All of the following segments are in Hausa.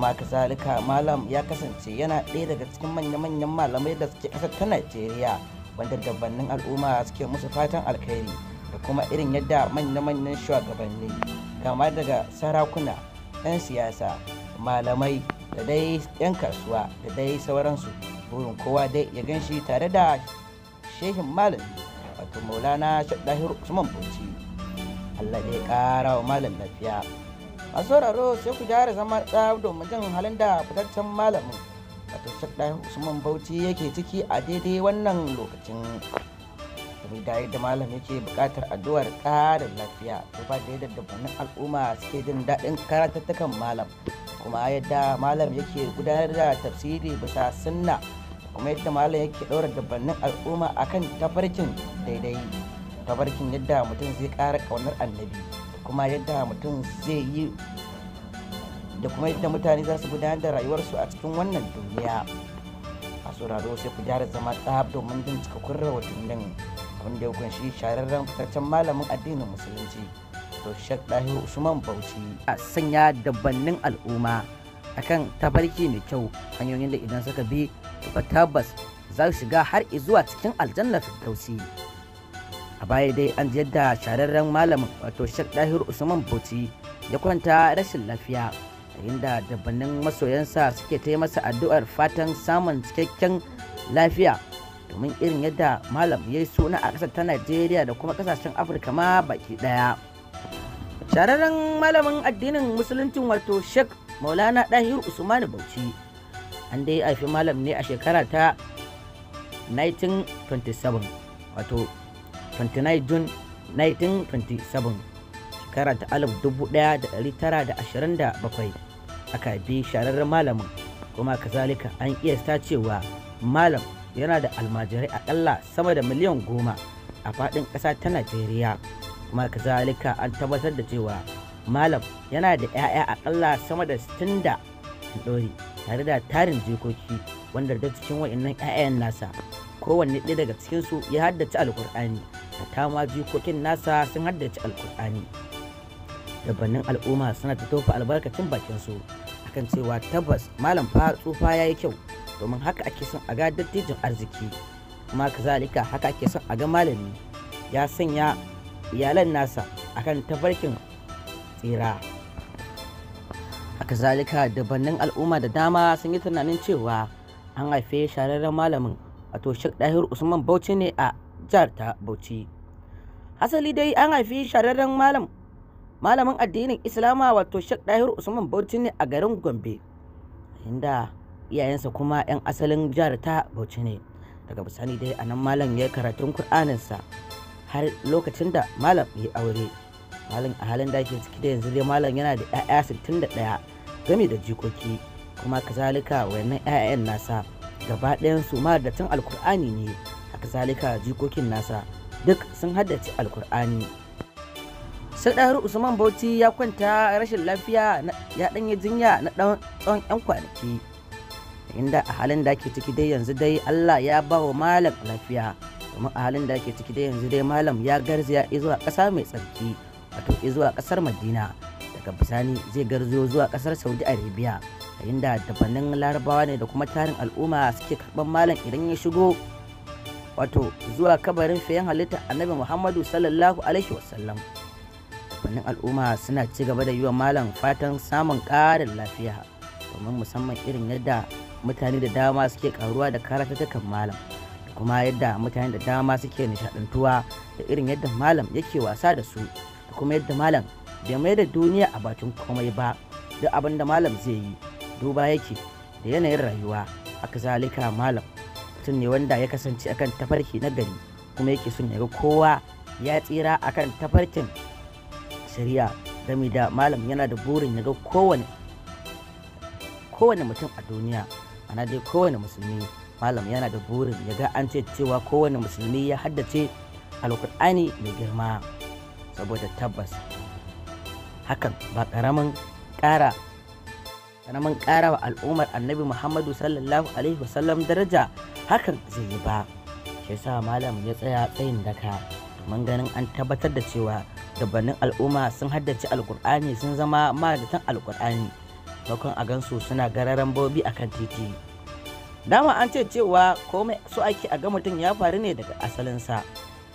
maka zalika malam ya kasance yana ɗaya daga cikin manya-manyan malamai da suke ƙasar ta najeriya wanda dabbannin al'umma suke musu fatan alkhairi da kuma irin yadda manya-manyan shugabanni kama daga sarakuna 'yan siyasa malamai da dai 'yan kasuwa da dai sauransu burin kowa dai ya gan shi tare da shehin malami wato maulana shaɗahir usman bauchi allah ya ƙara wa malam lafiya a sauraro sai ku gyara zama da domin jin halin da fitaccen malamin a tushen ɗaya usman bauchi yake ciki a daidai wannan lokacin da yadda malam yake buƙatar addu'ar ƙarin lafiya to ba da yadda dabbanin al'umma suke jin daɗin karatattakan malam kuma yadda malam yake gudanar da tafsiri bisa sunna kuma yadda malam yake ɗaura dabbanin al'umma akan tafarkin daidai tafarkin yadda mutum zai ƙara ƙaunar annabi kuma yadda mutum zai yi da kuma yadda mutane za su gudanar da rayuwarsu a cikin wannan duniya a sauraro sai ku gyara zama tsab domin jin cikakkun rahotannin abin da ya kunshi shahararren fitaccen malamin addinin musulunci to shek dahi usman bauchi a sanya dabannin al'umma akan tafarki mai kyau hanyoyin da idan suka bi ba tabbas za su shiga har zuwa cikin aljannar firdausi a baya dai an ji yadda shahararren malamin wato shek dahir usman bauchi ya kwanta rashin lafiya inda dabbanin masoyansa suke ta masa addu'ar fatan samun cikakken lafiya domin irin yadda malam ya yi suna a ƙasar ta najeriya da kuma ƙasashen afirka ma baki ɗaya shahararren malamin addinin musuluncin wato shek maulana dahir usman bauchi an dai haifi malam ne a shekara ta 1927 wato 29 June 1927 shekara ta 1927 aka bi shararren malamin kuma kazalika an kiyasta cewa malam yana da almajirai akalla sama da miliyan goma a faɗin ƙasa ta najeriya kuma kazalika an tabbatar da cewa malam yana da 'ya'ya akalla sama da 60 da ɗori tare da tarin jikoki wanda da cikin wa'annan 'ya'yan nasa kowanne ɗaya daga cikinsu ya haddace alkur'ani ma tama jikokin nasa sun haddace alkur'ani dabannin al'umma suna ta tofa albarkacin bakin su akan cewa tabbas malam fa tsufa ya yi kyau domin haka ake son a ga dattijin arziki kuma kazalika haka ake son a ga malami ya sanya iyalan nasa akan tafarkin tsira haka zalika dabannin al'umma da dama sun yi tunanin cewa an haife shahararren malamin wato shek dahir usman bauchi ne a jihar ta Bauchi. Hasali dai an haifi shararren malam malamin addinin Islama wato Sheikh Dahir Usman Bauchi ne a garin Gombe. Inda iyayensa kuma 'yan asalin jihar ta Bauchi ne. Daga bisani dai a nan malam ya karatun Kur'aninsa har lokacin da malam ya aure. Malam a halin da ciki da yanzu dai malam yana da 'ya'ya 61 gami da jikoki kuma kazalika wayannan 'ya'yan nasa gaba ɗayan su ma da tun alkur'ani ne haka zalika jikokin nasa duk sun haddace alkur'ani sardaru usman bauchi ya kwanta rashin lafiya ya danye jinya na tsawon yan kwanaki inda a halin da ke ciki dai yanzu dai allah ya ba wa malam lafiya domin a halin da ke ciki dai yanzu dai malam ya garzaya izuwa ƙasa mai tsarki wato zuwa ƙasar madina daga bisani zai garzo zuwa ƙasar saudi arabia Inda da dabanin larabawa ne da kuma tarin al'umma suke karban malam idan ya shigo wato zuwa kabarin fiyan halitta annabi muhammadu sallallahu alaihi wasallam wannan al'umma suna ci gaba da yi wa malam fatan samun ƙarin lafiya domin musamman irin yadda mutane da dama suke karuwa da karatattakan malam da kuma yadda mutane da dama suke nishadantuwa da irin yadda malam yake wasa da su da kuma yadda malam bai mai da duniya a bakin komai ba duk abin da malam zai yi duba yake da yanayin rayuwa haka zalika malam mutum ne wanda ya kasance akan tafarki na gari kuma yake son ga kowa ya tsira akan tafarkin shari'a game da malam yana da burin yaga kowane kowane mutum a duniya ana dai kowane musulmi malam yana da burin yaga an ce cewa kowane musulmi ya haddace alkur'ani mai girma saboda tabbas hakan ba karamin kara karamin kara wa al'ummar annabi muhammadu sallallahu alaihi wasallam daraja hakan zai yi ba shi yasa malam ya tsaya tsayin daka domin ganin an tabbatar da cewa gabanin al'umma sun haddace alkur'ani sun zama maradatan alkur'ani bakon a gansu suna gararan bobi a kan titi dama an ce cewa komai su ake a ga mutum ya faru ne daga asalinsa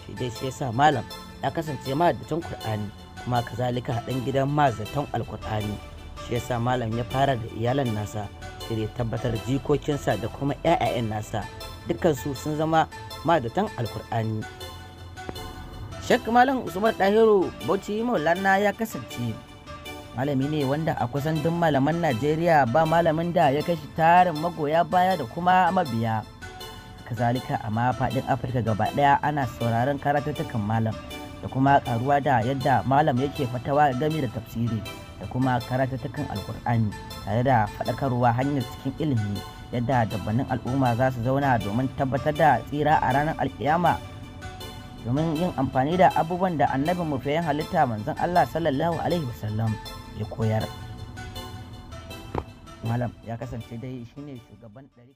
shi dai shi yasa malam ya kasance maradatan kur'ani kuma kazalika dan gidan mazatan alkur'ani shi yasa malam ya fara da iyalan nasa sai tabbatar jikokinsa da kuma yayayan nasa dukansu sun zama madatan alkur'ani shek malam usman dahiru bauchi maulana ya kasance malami ne wanda a kusan duk malaman najeriya ba malamin da ya kashi tarin magoya baya da kuma mabiya kazalika a ma faɗin afirka gaba ɗaya ana sauraron karatattukan malam da kuma karuwa da yadda malam yake fatawa game da tafsiri da kuma karatattakan alkur'ani tare da faɗakarwa hanyar cikin ilimi yadda dabbanin al'umma za su zauna domin tabbatar da tsira a ranar alkiyama domin yin amfani da abubuwan da annabin mu halitta manzon Allah sallallahu alaihi wasallam ya koyar malam ya kasance dai shine shugaban ɗari